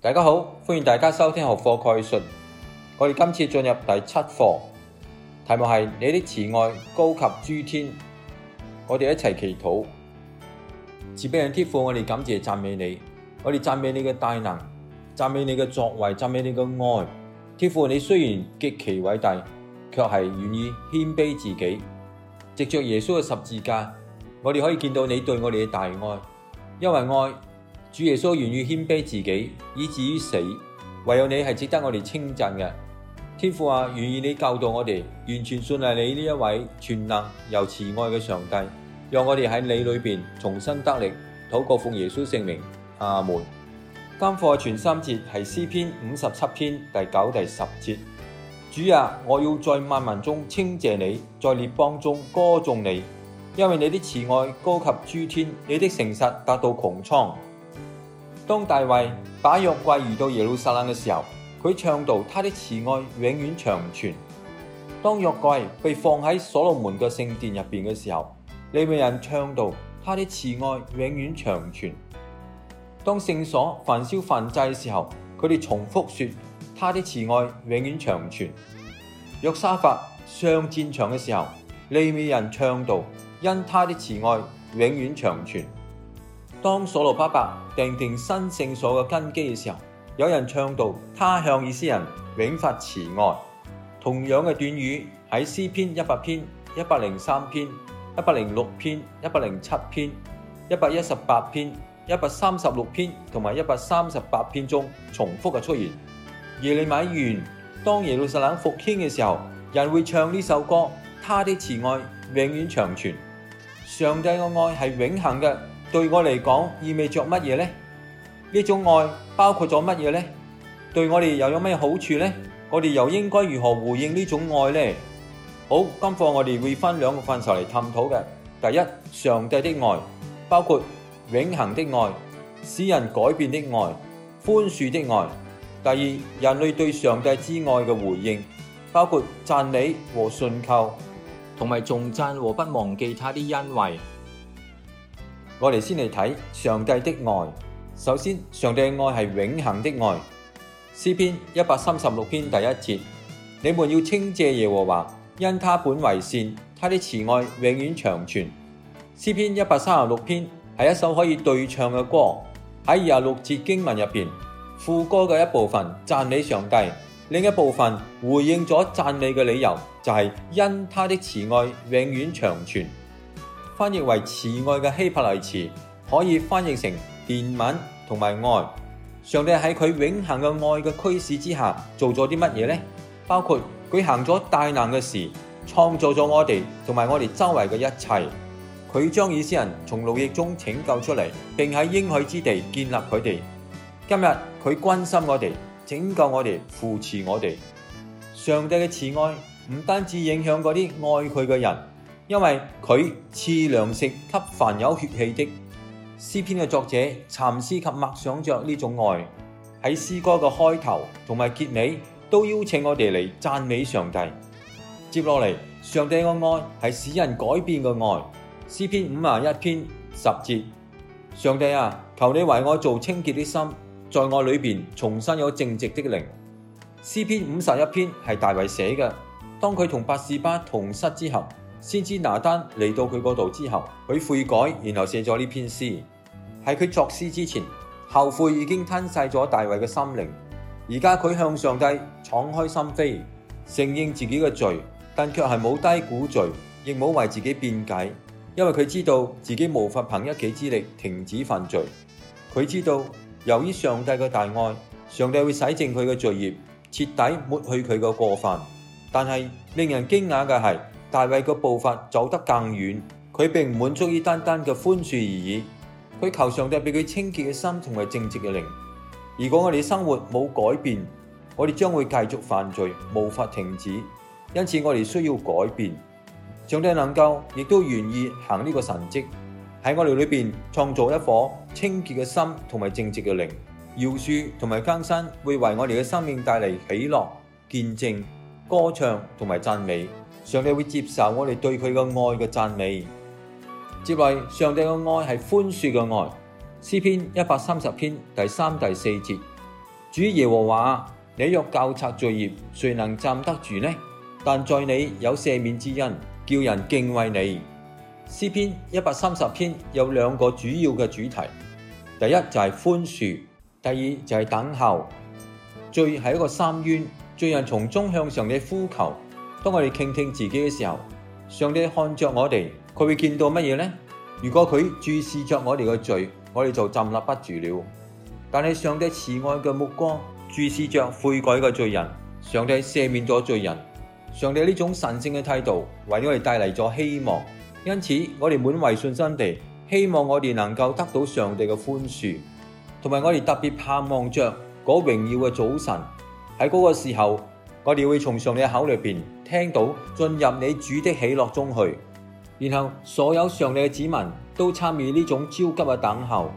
大家好，歡迎大家收聽學課概述。我哋今次進入第七課，題目係你的慈愛高及諸天。我哋一齊祈禱，慈悲人天父。我哋感謝讚美你，我哋讚美你嘅大能，讚美你嘅作為，讚美你嘅愛。天父你雖然極其偉大，卻係願意謙卑自己。藉着耶穌嘅十字架，我哋可以見到你對我哋嘅大愛，因為愛。主耶穌願意謙卑自己，以至於死。唯有你係值得我哋稱讚嘅。天父啊，願意你教導我哋，完全信賴你呢一位全能又慈愛嘅上帝，讓我哋喺你裏面重新得力，禱告奉耶穌聖名。阿門。今課、啊、前三節係詩篇五十七篇第九、第十節。主啊，我要在萬民中稱謝你，在列邦中歌頌你，因為你的慈愛高及諸天，你的誠實達到穹蒼。當大衛把約櫃移到耶路撒冷嘅時候，佢唱道：他的慈愛永遠長存。當約櫃被放喺所羅門嘅聖殿入邊嘅時候，利未人唱道：他的慈愛永遠長存。當聖所焚燒燔祭嘅時候，佢哋重複說：他的慈愛永遠長存。約沙法上戰場嘅時候，利未人唱道：因他的慈愛永遠長存。當所羅巴伯奠定新聖所嘅根基嘅時候，有人唱道：他向以色列人永發慈愛。同樣嘅短語喺詩篇一百篇、一百零三篇、一百零六篇、一百零七篇、一百一十八篇、一百三十六篇同埋一百三十八篇中重複嘅出現。耶利米完，當耶路撒冷復興嘅時候，人會唱呢首歌：他的慈愛永遠長存。上帝嘅愛係永恆嘅。對我嚟講意味着乜嘢呢？呢種愛包括咗乜嘢呢？對我哋又有咩好處呢？我哋又應該如何回應呢種愛呢？好，今課我哋會分兩個範疇嚟探討嘅。第一，上帝的愛包括永恒的愛、使人改變的愛、寬恕的愛；第二，人類對上帝之愛嘅回應包括讚美和信靠，同埋重讚和不忘記他啲恩惠。我哋先嚟睇上帝的愛。首先，上帝嘅愛係永恒的愛。詩篇一百三十六篇第一節：你們要稱謝耶和華，因他本為善，他的慈愛永遠長存。詩篇一百三十六篇係一首可以對唱嘅歌。喺二十六節經文入邊，副歌嘅一部分讚美上帝，另一部分回應咗讚美嘅理由，就係因他的慈愛永遠長存。翻譯為慈愛嘅希伯來詞，可以翻譯成電文同埋愛。上帝喺佢永恒嘅愛嘅驅使之下，做咗啲乜嘢呢？包括舉行咗大難嘅事，創造咗我哋同埋我哋周圍嘅一切。佢將以色列人從奴役中拯救出嚟，並喺應許之地建立佢哋。今日佢關心我哋，拯救我哋，扶持我哋。上帝嘅慈愛唔單止影響嗰啲愛佢嘅人。因為佢賜糧食給凡有血氣的。詩篇嘅作者沉思及默想着呢種愛，喺詩歌嘅開頭同埋結尾都邀請我哋嚟讚美上帝。接落嚟，上帝嘅愛係使人改變嘅愛。詩篇五十一篇十節，上帝啊，求你為我做清潔的心，在我裏面重新有正直的靈。詩篇五十一篇係大衛寫嘅，當佢同拔示巴同室之後。先知拿單嚟到佢嗰度之後，佢悔改，然後寫咗呢篇詩。喺佢作詩之前，後悔已經吞晒咗大衛嘅心靈。而家佢向上帝敞開心扉，承認自己嘅罪，但卻係冇低估罪，亦冇為自己辯解，因為佢知道自己無法憑一己之力停止犯罪。佢知道，由於上帝嘅大愛，上帝會洗淨佢嘅罪孽，徹底抹去佢嘅過犯。但係令人驚訝嘅係，大衛嘅步伐走得更遠，佢並唔滿足於單單嘅寬恕而已，佢求上帝俾佢清潔嘅心，同埋正直嘅靈。如果我哋生活冇改變，我哋將會繼續犯罪，無法停止。因此，我哋需要改變。上帝能夠，亦都願意行呢個神蹟，喺我哋裏邊創造一顆清潔嘅心，同埋正直嘅靈。饒恕同埋更新會為我哋嘅生命帶嚟喜樂、見證、歌唱同埋讚美。上帝會接受我哋對佢嘅愛嘅讚美。接嚟，上帝嘅愛係寬恕嘅愛。詩篇一百三十篇第三、第四節：主耶和華，你若究察罪孽，誰能站得住呢？但在你有赦免之恩，叫人敬畏你。詩篇一百三十篇有兩個主要嘅主題：第一就係寬恕，第二就係等候。罪係一個深淵，罪人從中向上嘅呼求。當我哋傾聽自己嘅時候，上帝看着我哋，佢會見到乜嘢呢？如果佢注視着我哋嘅罪，我哋就站立不住了。但係上帝慈愛嘅目光注視着悔改嘅罪人，上帝赦免咗罪人。上帝呢種神聖嘅態度為我哋帶嚟咗希望，因此我哋滿懷信心地希望我哋能夠得到上帝嘅寬恕，同埋我哋特別盼望着嗰榮耀嘅早晨。喺嗰個時候，我哋會從上帝嘅口裏邊。聽到進入你主的喜樂中去，然後所有上帝嘅子民都參與呢種焦急嘅等候。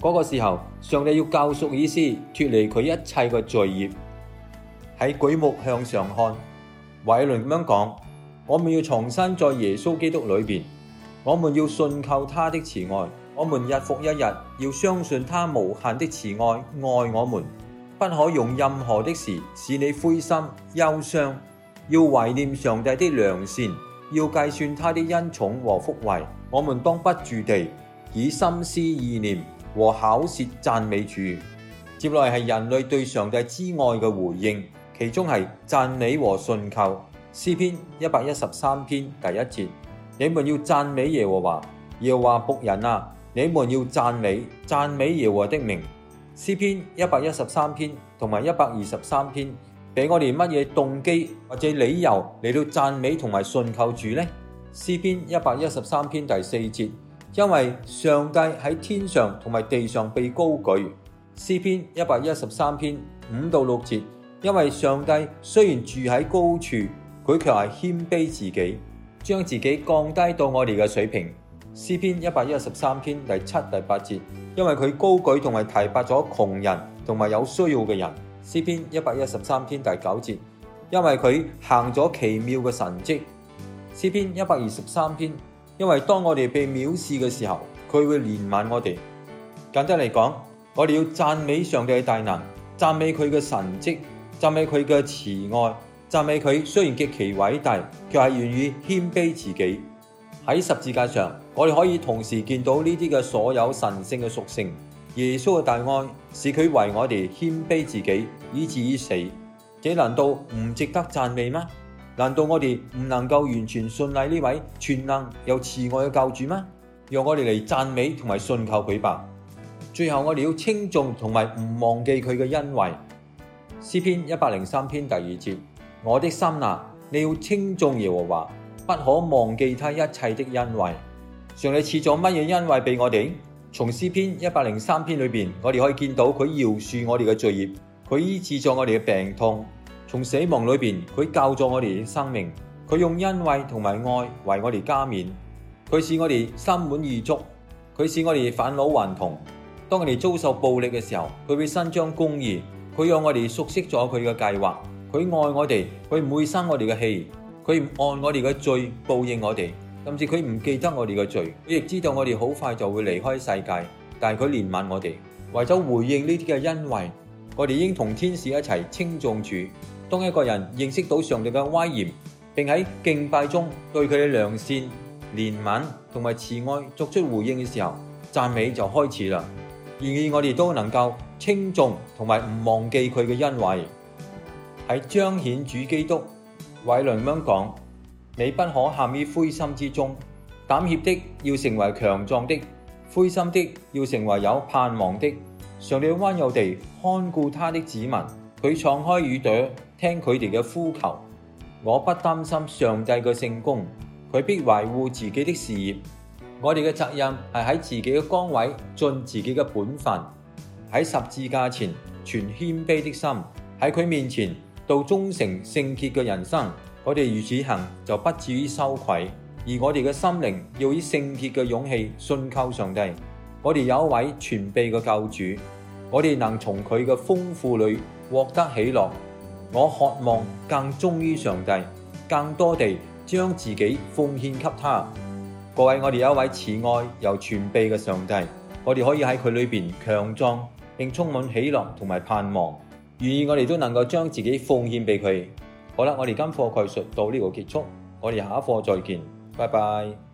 嗰、那個時候，上帝要救贖以色列脱離佢一切嘅罪孽，喺舉目向上看。偉倫咁樣講：，我們要重生在耶穌基督裏邊，我們要信靠他的慈愛，我們日復一日要相信他無限的慈愛愛我們，不可用任何的事使你灰心憂傷。要懷念上帝的良善，要計算他的恩寵和福惠。我們當不住地以心思意念和巧舌讚美主。接落來係人類對上帝之愛嘅回應，其中係讚美和信求。詩篇一百一十三篇第一節：你們要讚美耶和華，耶和華僕人啊，你們要讚美讚美耶和華的名。詩篇一百一十三篇同埋一百二十三篇。俾我哋乜嘢動機或者理由嚟到讚美同埋信靠主呢？詩篇一百一十三篇第四節，因為上帝喺天上同埋地上被高舉。詩篇一百一十三篇五到六節，因為上帝雖然住喺高處，佢卻係謙卑自己，將自己降低到我哋嘅水平。詩篇一百一十三篇第七、第八節，因為佢高舉同埋提拔咗窮人同埋有需要嘅人。詩篇一百一十三篇第九節，因為佢行咗奇妙嘅神蹟。詩篇一百二十三篇，因為當我哋被藐視嘅時候，佢會憐憫我哋。簡單嚟講，我哋要讚美上帝嘅大能，讚美佢嘅神蹟，讚美佢嘅慈愛，讚美佢雖然極其偉大，卻係願意謙卑自己。喺十字架上，我哋可以同時見到呢啲嘅所有神聖嘅屬性。耶穌嘅大愛是佢為我哋謙卑自己，以至於死。這難道唔值得讚美嗎？難道我哋唔能夠完全信賴呢位全能又慈愛嘅救主嗎？讓我哋嚟讚美同埋信靠佢吧。最後我哋要稱頌同埋唔忘記佢嘅恩惠。詩篇一百零三篇第二節：我的心啊，你要稱頌耶和華，不可忘記他一切的恩惠。上帝賜咗乜嘢恩惠俾我哋？從詩篇一百零三篇裏面，我哋可以見到佢饒恕我哋嘅罪孽，佢醫治咗我哋嘅病痛，從死亡裏面，佢救咗我哋嘅生命，佢用恩惠同埋愛為我哋加冕，佢使我哋心滿意足，佢使我哋返老還童。當我哋遭受暴力嘅時候，佢會伸張公義，佢讓我哋熟悉咗佢嘅計劃，佢愛我哋，佢唔會生我哋嘅氣，佢唔按我哋嘅罪報應我哋。甚至佢唔記得我哋嘅罪，佢亦知道我哋好快就會離開世界，但係佢憐憫我哋，為咗回應呢啲嘅恩惠，我哋應同天使一齊稱讚主。當一個人認識到上帝嘅威嚴，並喺敬拜中對佢嘅良善、憐憫同埋慈愛作出回應嘅時候，讚美就開始了。然而，我哋都能夠稱讚同埋唔忘記佢嘅恩惠，喺彰顯主基督委論噉講。你不可陷於灰心之中，膽怯的要成為強壯的，灰心的要成為有盼望的。常了温柔地看顧他的子民，佢敞開耳朵聽佢哋嘅呼求。我不擔心上帝嘅聖工，佢必維護自己的事業。我哋嘅責任係喺自己嘅崗位盡自己嘅本分，喺十字架前存謙卑的心，喺佢面前度忠誠聖潔嘅人生。我哋如此行就不至於羞愧，而我哋嘅心靈要以聖潔嘅勇氣信靠上帝。我哋有一位全備嘅救主，我哋能從佢嘅豐富裏獲得喜樂。我渴望更忠於上帝，更多地將自己奉獻給他。各位，我哋有一位慈愛又全備嘅上帝，我哋可以喺佢裏面強壯，並充滿喜樂同埋盼望。願意我哋都能夠將自己奉獻俾佢。好啦，我哋今課概述到呢個結束，我哋下一課再見，拜拜。